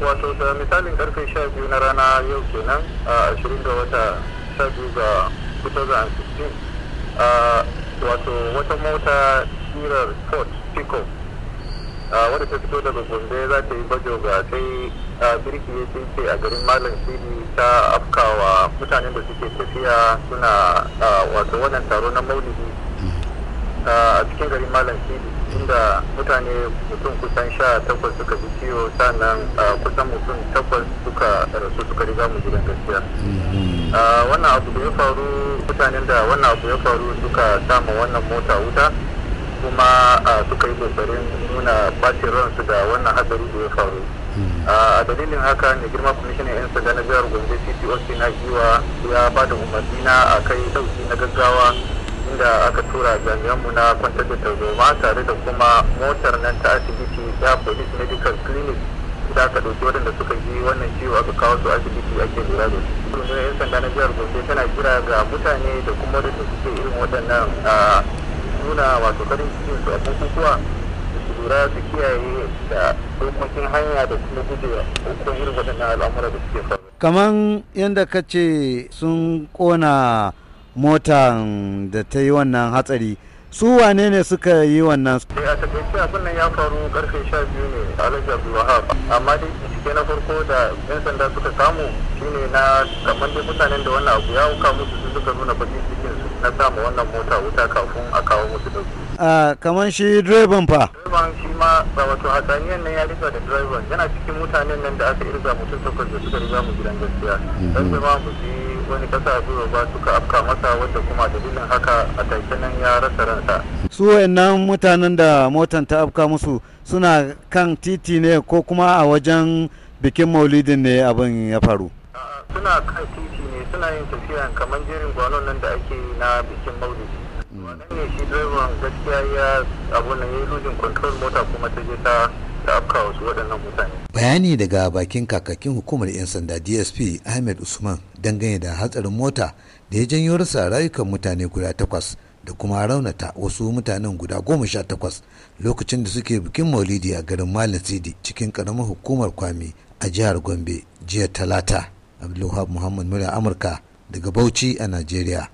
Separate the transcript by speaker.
Speaker 1: wato da misalin karfe sha biyu na rana yau kenan a ashirin da wata sha biyu ga 2016 wato wata mota tirar ford pico wadda ta fito daga gombe za ta yi bajo ga sai birki ya ce a garin malam sidi ta afkawa mutanen da suke tafiya suna wato wannan taro na maulidi a cikin garin malam sidi inda mutane mutum kusan sha takwas suka ji sannan ah, kusan mutum takwas suka rasu suka riga mu gidan gaskiya mm-hmm. ah, wannan abu da ya faru mutanen da wannan abu ya faru suka sama wannan mota wuta kuma ah, suka yi kokarin nuna bacin ransu da wannan hadari da ya faru mm-hmm. a dalilin haka ne girma kwamishinan 'yan sanda na jihar gombe cpoc na giwa ya ba da umarni na a kai dauki na gaggawa inda aka tura jami'anmu na kwantar da tarzoma tare da kuma motar nan ta asibiti ta police medical clinic da aka ɗauki waɗanda suka ji wannan ciwo aka kawo su asibiti ake lura da su. Rundunar 'yan sanda na jihar Gombe tana kira ga mutane da kuma da suke irin waɗannan nuna wato farin cikin su a bukukuwa su lura su kiyaye da dokokin hanya da kuma guje ko irin waɗannan al'amura da suke faru.
Speaker 2: Kaman yadda ka ce sun ƙona motan da ta yi wannan hatsari su wane ne suka yi wannan su
Speaker 1: eh, a takaice abin nan ya faru karfe sha biyu ne alhaji abdulwahab amma dai cike na farko da yan sanda suka samu shine na kamar dai mutanen da wannan abu ya wuka musu su suka nuna bakin cikin su na samu wannan mota wuta kafin a kawo musu dauki
Speaker 2: kamar shi direban fa
Speaker 1: direban shi kuma ba wato hatsaniyar nan ya rika da driver yana cikin mutanen nan da aka irga mutum takwas da suka riga mu gidan gaskiya dan da mu ji wani kasa zuwa ba suka afka masa wanda kuma dalilin haka a take nan ya rasa ransa
Speaker 2: su wayannan mutanen da motan ta afka musu suna kan titi ne ko kuma a wajen bikin maulidin ne abin ya faru suna
Speaker 1: kan titi ne suna yin tafiya kamar jerin gwanon nan da ake na bikin maulidi wannan shi direban gaskiya ya abu na yi lujin control mota kuma ta je ta afka wasu waɗannan mutane.
Speaker 3: Bayani daga bakin kakakin hukumar 'yan sanda DSP Ahmed Usman dangane da hatsarin mota da ya janyo rasa rayukan mutane guda takwas da kuma raunata wasu mutanen guda goma sha takwas lokacin da suke bikin maulidi a garin Malam Sidi cikin karamar hukumar Kwami a jihar Gombe jiya Talata. Abdullahi Muhammad Murya Amurka daga Bauchi a Najeriya.